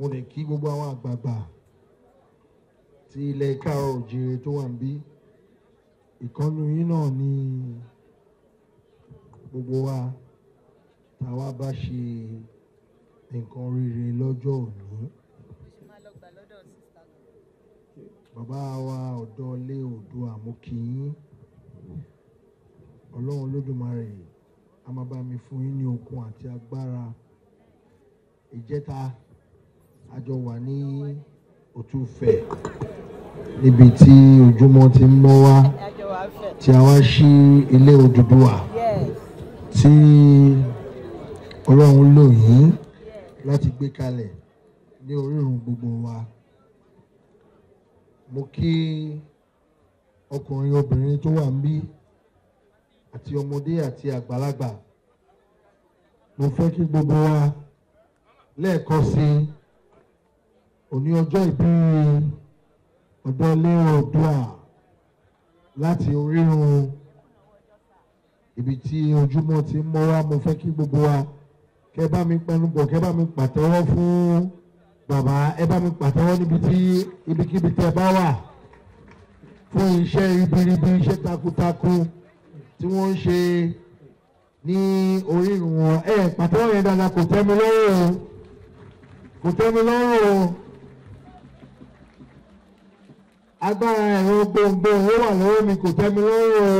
mo lè kí gbogbo àwọn àgbààgbà ti ilẹ̀ káàrọ̀ òjìrè tó wà níbí ìkọ́nu yín náà ni gbogbo wa táwa bá ṣe nǹkan rere lọ́jọ́ òní. bàbá wa ọ̀dọ́ ilé Oòduà mo ọlọ́run Olódùmarè a máa bá mi fún yín ní okun àti agbára ìjẹta. E àjọ wà ní òtúfẹ̀ níbi tí ojúmọ́ ti ń mọ́ wá tí a wá sí ilé Odùduwà tí Ọlọ́run lò yín láti gbé kalẹ̀ ní orírun gbogbo wa mo kí ọkùnrin obìnrin tó wà níbí àti ọmọdé àti àgbàlagbà mo fẹ́ kí gbogbo wa lẹ́ẹ̀kan sí i òní ọjọ́ ìbí ọ̀dọ́ lérò dùà láti orírun ibi tí ojúmọ́ ti ń mọ́ wá mo fẹ́ kí gbogbo wa kẹ bá mi pẹnubọ̀ kẹ bá mi pàtẹ́wọ́ fún bàbá ẹ bá mi pàtẹ́wọ́ níbi tí ibikíbi tẹ bá wà fún iṣẹ́ ribiribi iṣẹ́ takuntakun tí wọ́n ń ṣe ní orírun wọn ẹ pàtẹ́wọ́ yẹn dáadáa kò tẹ́ mi lọ́rùn o kò tẹ́ mi lọ́rùn o agbára ẹ̀rọ gbohùngbohùn ó wà lọ́wọ́ mi kò tẹ́ mi lọ́rùn o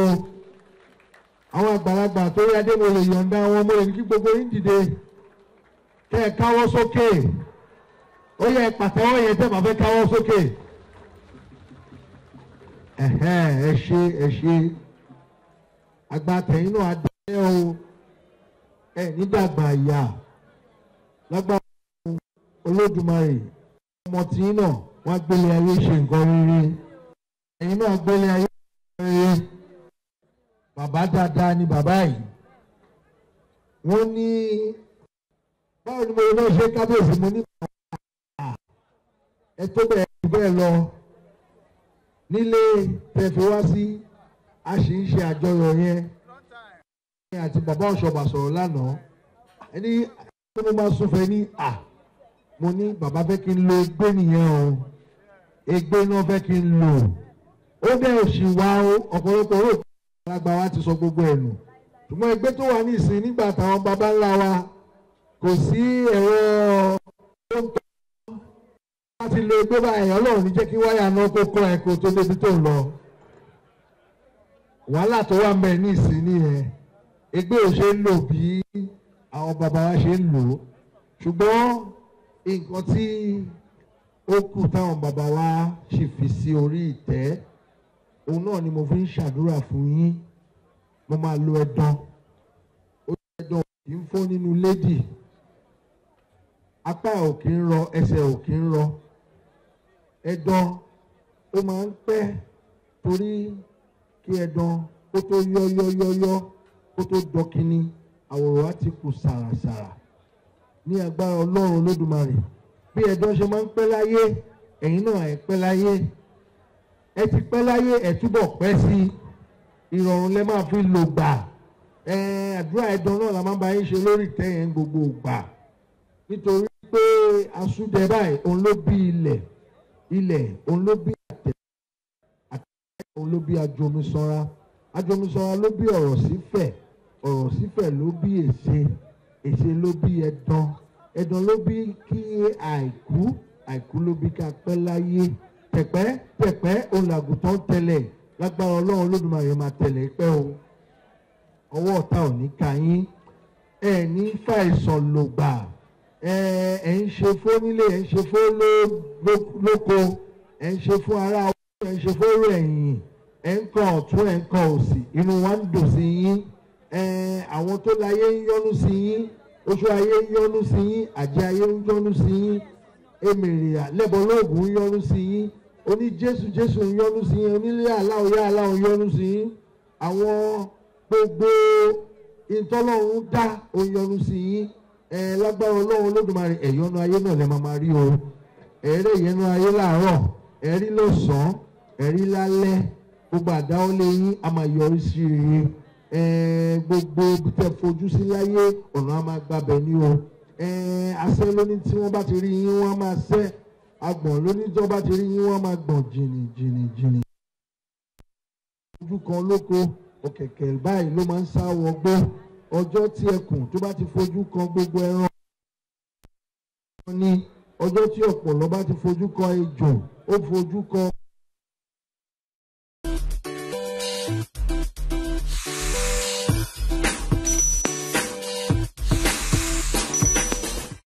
àwọn àgbàlagbà tó rí adé mo lè yọ̀ǹda wọn mo lè ní kí gbogbo yín dìde kẹ́ ẹ káwọ́ sókè ó yẹ pàtẹ́wọ́ yẹn tẹ́ màá fẹ́ káwọ́ sókè ẹ ṣe ẹ ṣe agbátẹ̀yìn náà adé o ẹ nídàgbà ìyá lágbára Olódùmarè ọmọ tìyín náà wọ́n gbélé ayé ṣe nǹkan rere ẹ̀yin náà gbélé ayé ṣe nǹkan rere bàbá dáadáa ni bàbá yìí wọ́n ní báwo ni mo lọ ṣe kábíyèsí mo ní kàwá ẹ tó bẹ́ẹ̀ jù bẹ́ẹ̀ lọ nílé tẹ̀fẹ́ wá sí a sì ń ṣe àjọyọ̀ yẹn àti bàbá ọ̀ṣọ́bà sọ̀rọ̀ lánàá ẹni tó mo máa súnfẹ́ ní à. Ah mo ní bàbá fẹ́ kí n lo egbé nìyẹn o egbé náà fẹ́ kí n lò ó dẹ̀ òsì wá o ọ̀pọ̀lọpọ̀ ó àgbà wa ti sọ gbogbo ẹ̀ nù ṣùgbọ́n egbé tó wà ní ìsìn nígbà táwọn baba ńlá wa kò sí ẹ̀rọ tó ń tọ́ láti lo egbé báyìí ọlọ́run ní jẹ́ kí wáyà náà kó kọ́ ẹ̀kọ́ tó débi tó lọ wàhálà tó wà mẹ́ ní ìsìn nìyẹn egbé ò ṣe ń lò bí àwọn baba wa ṣe ń lò ṣùgbọ́n nǹkan tí ó kù táwọn bàbá wa ṣì fi sí orí ìtẹ́ òun náà ni mo fi ń ṣàdúrà fún yín mo máa lo ẹ̀dán ó lo ẹ̀dán kì í fọ́ nínú lédì apá ò kì í rọ ẹsẹ̀ ò kì rọ ẹ̀dán ó máa ń pẹ́ torí kí ẹ̀dán kó tó yọ kó tó dọkini àwòrán ti kù sàràsàrà ní agbára ọlọ́run olódùmarè bí ẹ̀dọ́ ṣe máa ń pẹ́ láyé ẹ̀yin náà ẹ̀ pẹ́ láyé ẹ ti pẹ́ láyé ẹ̀ túbọ̀ pẹ́ sí i ìrọ̀rùn lẹ máa fi lò gbà àdúrà ẹ̀dọ́ náà la máa bá yín ṣe lórí ìtẹ́yẹn gbogbo gbà nítorí pé asúdẹ báyìí òun ló bí ilẹ̀ ilẹ̀ òun ló bí àtẹ̀ àtẹ̀ òun ló bí ajomisanra ajomisanra ló bí ọ̀rọ̀ sífẹ̀ ọ̀rọ̀ sífẹ̀ ló bí èsè èṣe ló bí ẹ̀dán ẹ̀dán ló bí kí àìkú àìkú ló bí ká pẹ́ láyé tẹ̀pẹ́ tẹ̀pẹ́ olàgùtàn tẹlẹ̀ lágbára ọlọ́run olódùmarè máa tẹlẹ̀ pẹ́ o ọwọ́ ọ̀tá ò ní ká yín ẹ ní fàìsàn lògbà ẹ ẹ ń ṣe fó nílé ẹ ń ṣe fó lóko ẹ ń ṣe fó ara ẹ ń ṣe fó rẹ̀ yìn ẹ ń kàn ọ̀tún ẹ ń kàn òsì inú wa ń dùn sí yín àwọn tó láyé ń yọ́nú sí yín oṣù ayé ń yọ́nú sí yín àjẹ́ ayé ń yọ́nú sí yín emèrè lẹ́bọ̀lọ́ọ̀gùn ń yọ́nú sí yín oní jésù jésù ń yọ́nú sí yín onílé aláwọ̀ yá aláwọ̀ ń yọ́nú sí yín àwọn gbogbo ìtọ́lọ́run dá ń yọ́nú sí yín ẹ lágbára ọlọ́run lódùmarè ẹ̀yọ́nú ayé náà lẹ́ máa máa rí o ẹ̀rẹ́ ìyẹnú ayé làárọ̀ ẹ̀rí lọ́sàn-án ẹ̀rí lálẹ́ gbogbo àdáwọ́lé yín a máa yọrí sí rere gbogbo ibi tẹ́ fojú sí láyé ọ̀nà á máa gbabẹ̀ ní o àṣẹ lóní tí wọ́n bá ti rí yín wọ́n máa ṣẹ́ agbọ̀n lóní tí wọ́n bá ti rí yín wọ́n máa gbọ̀n jìnnì jìnnì jìnnì. ojú kan lóko ọ̀kẹ̀kẹ̀ báyìí ló máa ń sá wọgbó ọjọ́ tí ẹkùn tó bá ti fojú kan gbogbo ẹran ọjọ́ tí ọ̀pọ̀lọ́ bá ti fojú kan ejò ó fojú kan.